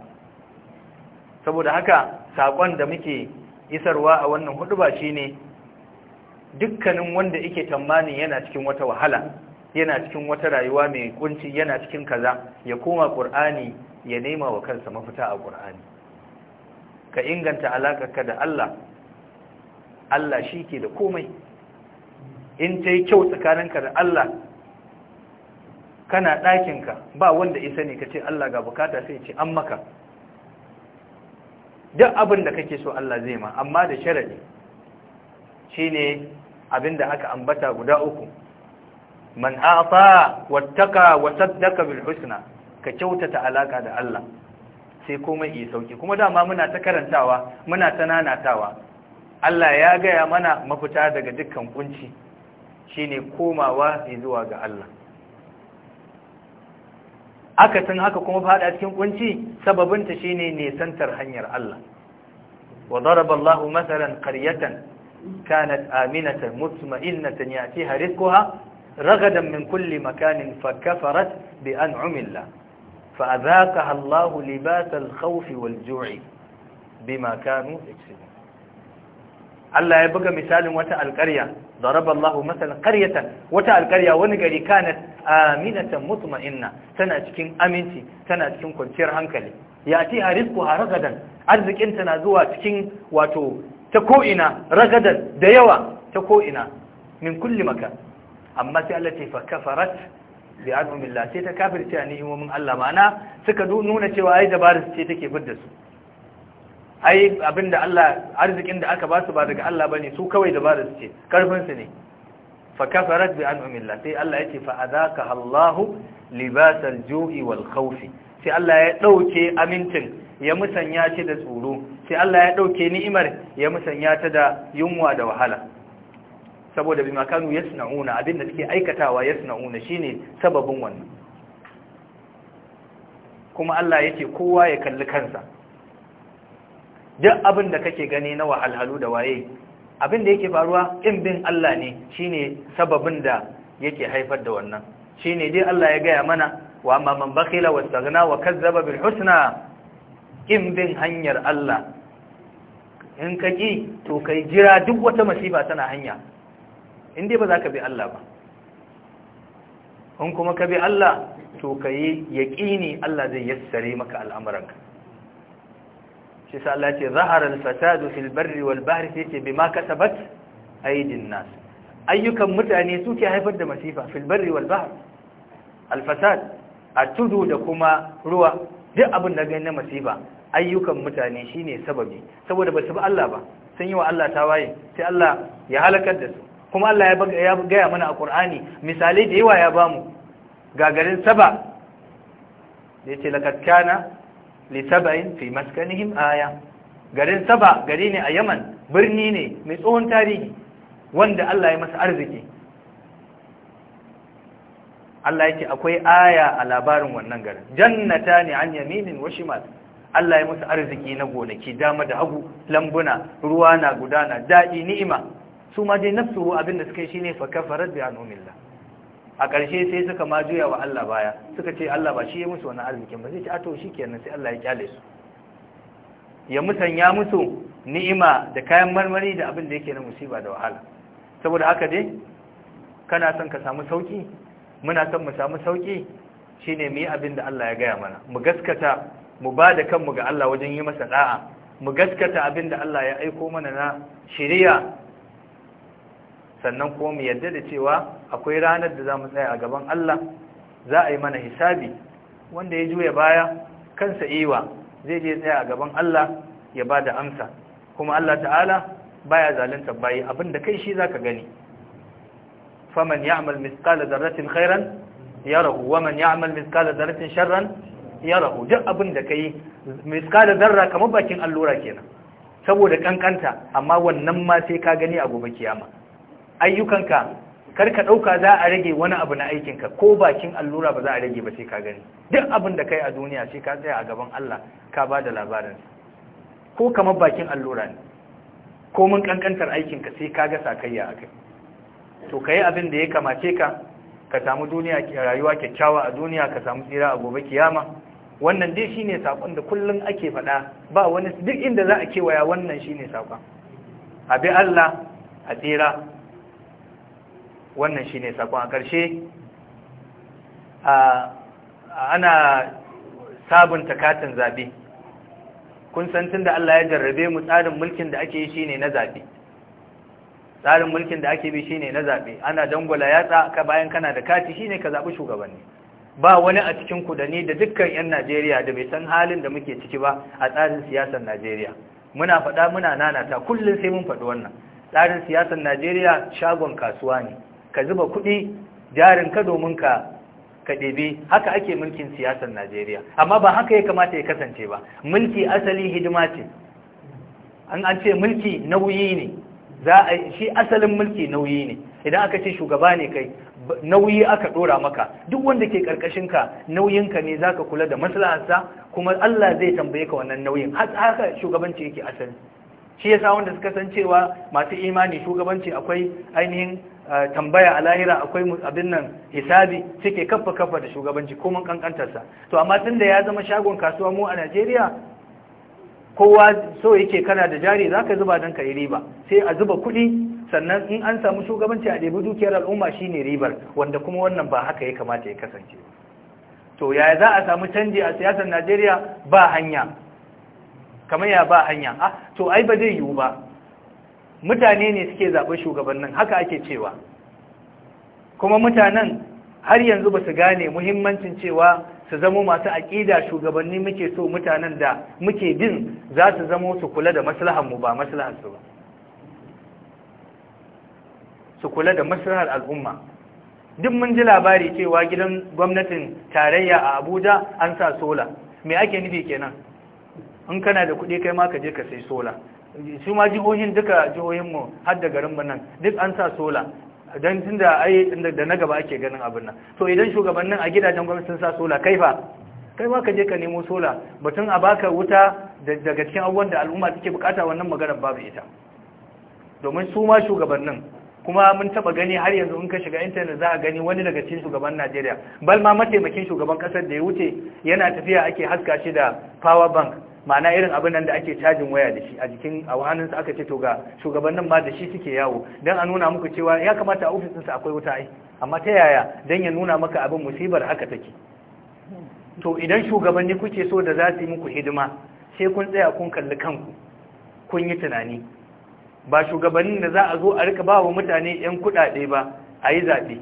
saboda haka sakon da muke isarwa a wannan hudu ba shine dukkanin wanda yake tamanin yana cikin wata wahala yana cikin wata rayuwa mai kunci yana cikin kaza ya koma qur'ani ya nema wa kansa mafita a qur'ani ka inganta alakarka da Allah Allah ke da komai in ta yi kyau tsakaninka da Allah kana ɗakinka ba wanda isa ne ka ce Allah ga bukata sai ce an maka duk abin da kake so Allah zai ma amma da sharadi shine abinda aka ambata guda uku man a'ta wattaka wa saddaka bil husna ka kyautata alaka da Allah sai komai yi sauki kuma dama muna ta karantawa muna ta nanatawa Allah ya gaya mana mafita daga dukkan kunci shine komawa zuwa ga Allah aka san haka kuma fada cikin kunci sababinta shine nesantar hanyar Allah wa daraba Allahu masalan qaryatan كانت آمنة مطمئنة يأتيها رزقها رغدا من كل مكان فكفرت بأنعم الله فأذاقها الله لباس الخوف والجوع بما كانوا يكسبون ألا يبقى مثال وتاء القرية ضرب الله مثلا قرية وتاء القرية ونقري كانت آمنة مطمئنة تنا أمنتي تنا كنتير هنكلي يأتيها رزقها رغدا أرزك أنت نازوها تكين واتو ta ko'ina ragadar da yawa ta ko'ina min kulli maka amma sai Allah ce fa kafarat bi anumillah sai ta kafirce a ni'imomin Allah ma'ana suka nuna cewa ai dabarar ce take fidda su ai abinda Allah arzikin da aka ba su ba daga Allah bane su kawai dabarar ce karfin su ne fa kafarat bi anumillah sai Allah yace fa adaka Allahu libasal ju'i wal khawf sai Allah ya dauke amincin ya musanya shi da tsoro sai Allah ya ɗauke ni'imar ya musanya ta da yunwa da wahala saboda bi makanu yasna'una abinda suke aikatawa ya shi shine sababin wannan kuma Allah ya ce kowa ya kalli kansa duk abin da kake gani na wahalhalu da waye abin da yake faruwa in bin Allah ne shine sababin da yake haifar da wannan Shi ne dai Allah ya gaya mana wa amma man wa wastaghna wa kazzaba bil husna kin bin hanyar Allah in ka ƙi to kai jira duk wata masifa tana hanya in dai ba za ka bi Allah ba in kuma ka bi Allah to ka yi yaƙini Allah zai yassare maka al'amuranka shi sa Allah ce zaharar fasadu fil barri wal bahri sai ce bi ma kasabat aidin nas ayyukan mutane suke haifar da masifa fil barri wal bahri al fasad a tudu da kuma ruwa duk abin da gani na masifa ayyukan mutane shine sababi saboda ba su bi Allah ba sun yi wa Allah tawaye sai Allah ya halakar da su kuma Allah ya gaya mana a Qur'ani misali da yawa ya bamu gagarin saba da yace laqad kana li sab'in fi maskanihim aya garin saba gari ne a Yaman birni ne mai tsohon tarihi wanda Allah ya masa arziki Allah yake akwai aya a labarin wannan garin jannata ne an yaminin wa shimal Allah ya musu arziki na gonaki dama da hagu lambuna ruwa na gudana daɗi ni'ima su ma dai nafsu abinda suka yi shine fa kafarat bi anumilla a ƙarshe sai suka ma juya wa Allah baya suka ce Allah ba shi ya musu wannan arzikin ba sai ce a to shikenan sai Allah ya kyale su ya musanya musu ni'ima da kayan marmari da abin da yake na musiba da wahala saboda haka dai kana son ka samu sauki muna son mu samu sauki shine mu yi abin da Allah ya gaya mana mu gaskata mu ba da kanmu ga Allah wajen yi masa da'a mu gaskata abin da Allah ya aiko mana na shiriya sannan kuma mu yarda da cewa akwai ranar da za mu tsaya a gaban Allah za a yi mana hisabi wanda ya juya baya kansa iwa zai je tsaya a gaban Allah ya ba da amsa kuma Allah ta'ala baya zalunta bayi abin da kai shi za ka gani faman ya'mal mithqala dharratin khairan yarahu waman ya'mal mithqala dharratin sharran yarahu duk abin da kai miskala zarra kamar bakin allura kenan saboda kankanta amma wannan ma sai ka gani a gobe kiyama ayyukanka kar ka ɗauka za a rage wani abu na aikinka ko bakin allura ba za a rage ba sai ka gani duk abin da kai a duniya sai ka tsaya a gaban Allah ka ba da labarin ko kamar bakin allura ne ko mun kankantar aikinka sai ka ga sakayya akai to kai abin da ya kamace ka ka samu duniya rayuwa kyakkyawa a duniya ka samu tsira a gobe kiyama wannan dai shine sakon da kullum ake faɗa ba wani duk inda za a kewaya wannan shine sakon abi Allah a tsira wannan shine sakon a ƙarshe ana sabunta katin zabe kun san tunda Allah ya jarrabe mu tsarin mulkin da ake yi shine na zabe tsarin mulkin da ake bi shine na zaɓe. ana dangwala yatsa ka bayan kana da kati shine ka zabi shugabanni ba wani a cikin ku da ni da dukkan yan Najeriya da bai san halin da muke ciki ba a tsarin siyasar Najeriya muna faɗa muna nanata kullum sai mun faɗi wannan tsarin siyasar Najeriya shagon kasuwa ne ka zuba kuɗi jarin ka domin ka ka ɗebe haka ake mulkin siyasar Najeriya amma ba haka ya kamata ya kasance ba mulki asali hidima ce an ce mulki nauyi ne za a shi asalin mulki nauyi ne idan aka ce shugaba ne kai nauyi aka dora maka duk wanda ke karkashinka nauyinka ne zaka kula da maslaharsa kuma Allah zai tambaye ka wannan nauyin haka shugabanci yake asali shi yasa wanda suka san cewa masu imani shugabanci akwai ainihin eh, tambaya a lahira akwai abin nan hisabi suke kafa kafa da shugabanci ko mun kankantarsa to amma tunda ya zama shagon kasuwa mu a Najeriya kowa so yake kana da jari za ka zuba don ka yi riba sai a zuba kuɗi sannan in an samu shugabanci a ɗebi dukiyar al'umma shi ne ribar wanda kuma wannan ba haka ya kamata ya kasance to yaya za a samu canji a siyasar najeriya ba hanya kamar ya ba hanya ah to ai ba zai yiwu ba mutane ne suke zaɓar shugabannin haka ake cewa kuma mutanen har yanzu ba su gane muhimmancin cewa su zamo masu aƙida shugabanni muke so mutanen da muke bin za su zamo su kula da maslahanmu ba maslahansu ba su kula da maslahar al'umma duk mun ji labari cewa gidan gwamnatin tarayya a abuja an sa sola me ake nufi kenan in kana da kuɗi kai ma ka je ka sai sola su ma jihohin duka jihohinmu har da garin nan duk an sa sola don tun da ai da na gaba ake ganin abin nan to idan shugabannin a gidajen gwamnati sun sa sola kai fa kai ma ka je ka nemo sola batun a baka wuta daga cikin abubuwan da al'umma take bukata wannan maganar babu ita domin su ma shugabannin kuma mun taba gani har yanzu in ka shiga intanet za a gani wani daga cikin shugaban Najeriya bal ma mataimakin shugaban kasar da ya wuce yana tafiya ake haska shi da power bank ma'ana irin abin nan da ake cajin waya da shi a jikin a hannunsa aka ce to ga shugabannin ma da shi suke yawo don a nuna muku cewa ya kamata a ofisinsa akwai wuta ai amma ta yaya don ya nuna maka abin musibar haka take to idan shugabanni kuke so da za su yi muku hidima sai kun tsaya kun kalli kanku kun yi tunani ba shugabannin da za a zo a rika ba mutane 'yan kuɗaɗe ba a yi zaɓe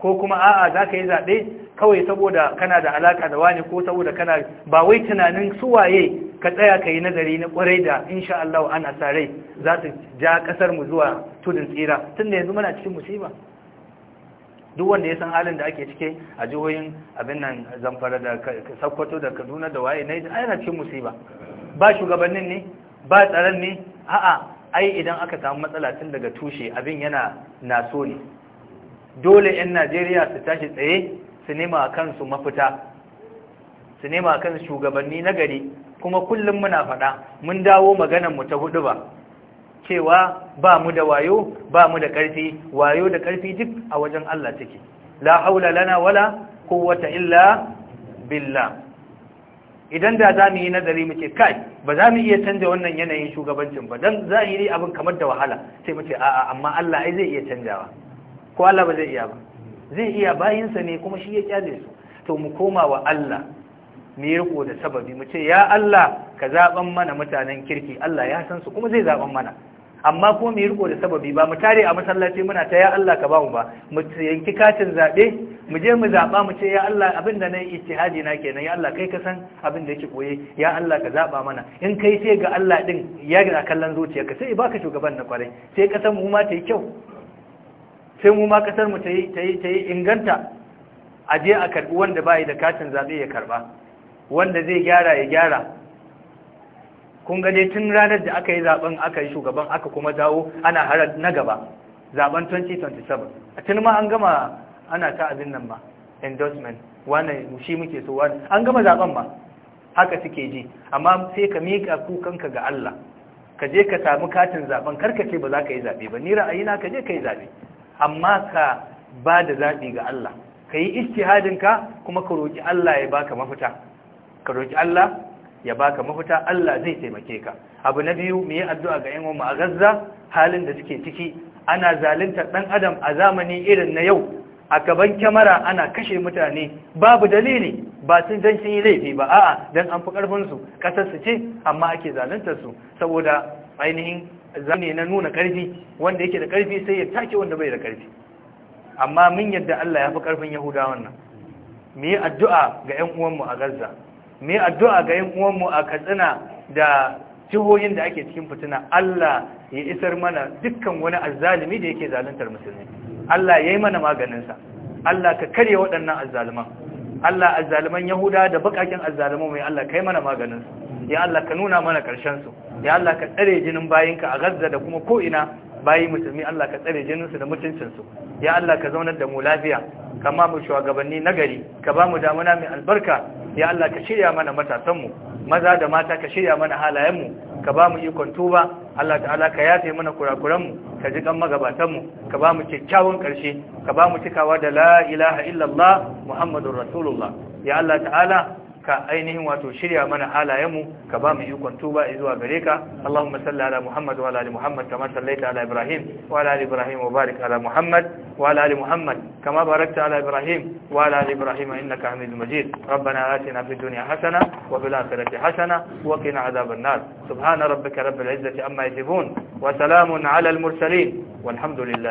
ko kuma a'a za ka yi zaɓe kawai saboda kana da alaka da wani ko saboda kana ba wai tunanin suwaye ka tsaya ka yi nazari na kwarai da insha Allah sa rai za su ja kasar mu zuwa tudun tsira tun da yanzu muna cikin musiba duk wanda ya san halin da ake cike a jihohin abin nan zamfara da sakkwato da kaduna da waye na yana cikin musiba ba shugabannin ne ba tsaron ne a'a ai idan aka samu matsala tun daga tushe abin yana na so ne dole 'yan najeriya su tashi tsaye su nema kansu mafita su nema kansu shugabanni na gari kuma kullum muna faɗa mun dawo maganar mu ta hudu ba cewa ba mu da wayo ba mu da ƙarfi wayo da ƙarfi duk a wajen Allah take la haula lana wala quwwata illa billah idan da za mu yi nazari muke ce kai ba za mu iya canja wannan yanayin shugabancin ba dan zahiri abin kamar da wahala sai mu ce a'a amma Allah ai zai iya canjawa ko Allah ba zai iya ba zai iya bayinsa ne kuma shi ya kyale su to mu koma wa Allah me ya riko da sababi mu ce ya Allah ka zaban mana mutanen kirki Allah ya san su kuma zai zaban mana amma ko me yi riko da sababi ba mu tare a masallaci muna ta ya Allah ka bamu ba mu yanki katin zabe mu je mu zaba mu ce ya Allah abin da nayi ijtihadi na kenan ya Allah kai ka san abin da yake koye ya Allah ka zaba mana in kai sai ga Allah din ya ga kallon zuciyarka sai baka shugaban na kwarai sai ka san mu ma ta yi kyau sai mu ma kasar mu ta yi inganta a a karbi wanda bai da katin zabe ya karba wanda zai gyara ya gyara kun gade tun ranar da aka yi zaben aka yi shugaban aka kuma dawo ana harar na gaba zaben 2027 a tun ma an gama ana ta abin nan ma endorsement wannan shi muke so wani an gama zaben ma haka suke ji amma sai ka miƙa kukanka ga Allah ka je ka samu katin zaben karkace ce ba za ka yi zaɓe ba ni ra'ayina ka je ka yi zaɓe amma ka ba da zaɓi ga Allah ka yi ka kuma ka roƙi Allah ya baka mafita ka roƙi Allah ya baka mafita Allah zai taimake ka abu na biyu mu yi addu'a ga yan mu a gazza halin da suke ciki ana zaluntar dan adam a zamani irin na yau a gaban kyamara ana kashe mutane babu dalili ba sun dan sun yi laifi ba a'a dan an fi karfin su kasar su ce amma ake zalunta su saboda ainihin zane na nuna karfi wanda yake da karfi sai ya take wanda bai da karfi amma mun yadda Allah ya fi karfin Yahudawan nan mu addu'a ga 'yan uwanmu a Gaza mai addu'a ga yin uwanmu a katsina da jihohin da ake cikin fitina Allah ya isar mana dukkan wani azalimi da yake zaluntar musulmi Allah ya yi mana maganinsa Allah ka karya waɗannan azaliman Allah azaliman Yahuda da bakakin azzaliman mai Allah kai mana maganinsu ya Allah ka nuna mana ƙarshensu ya Allah ka tsare jinin bayinka a gazza da kuma ko'ina bayi musulmi Allah ka tsare jininsu da mutuncinsu ya Allah ka zaunar da mu lafiya kama mu shugabanni nagari ka ba mu damuna mai albarka ya Allah ka shirya mana matasanmu maza da mata ka shirya mana halayenmu ka ba mu ikon tuba Allah ta'ala ka yafe mana kurakuranmu ka ji kan magabatanmu ka ba mu kyakkyawan ƙarshe ka ba mu cikawa da la ilaha illallah muhammadur rasulullah ya Allah ta'ala ka ainihin wato shirya mana halayenmu ka ba mu ikon tuba zuwa gare ka Allahumma salli ala Muhammad wa ala Muhammad kama sallaita ala Ibrahim wa ala Ibrahim wa Muhammad wa ala Muhammad kama barakta ala Ibrahim wa ala ali Ibrahim innaka Hamidul Majid rabbana atina fid dunya hasana wa fil akhirati hasana wa qina adhaban subhana rabbika rabbil izzati amma yasifun wa salamun ala al mursalin walhamdulillah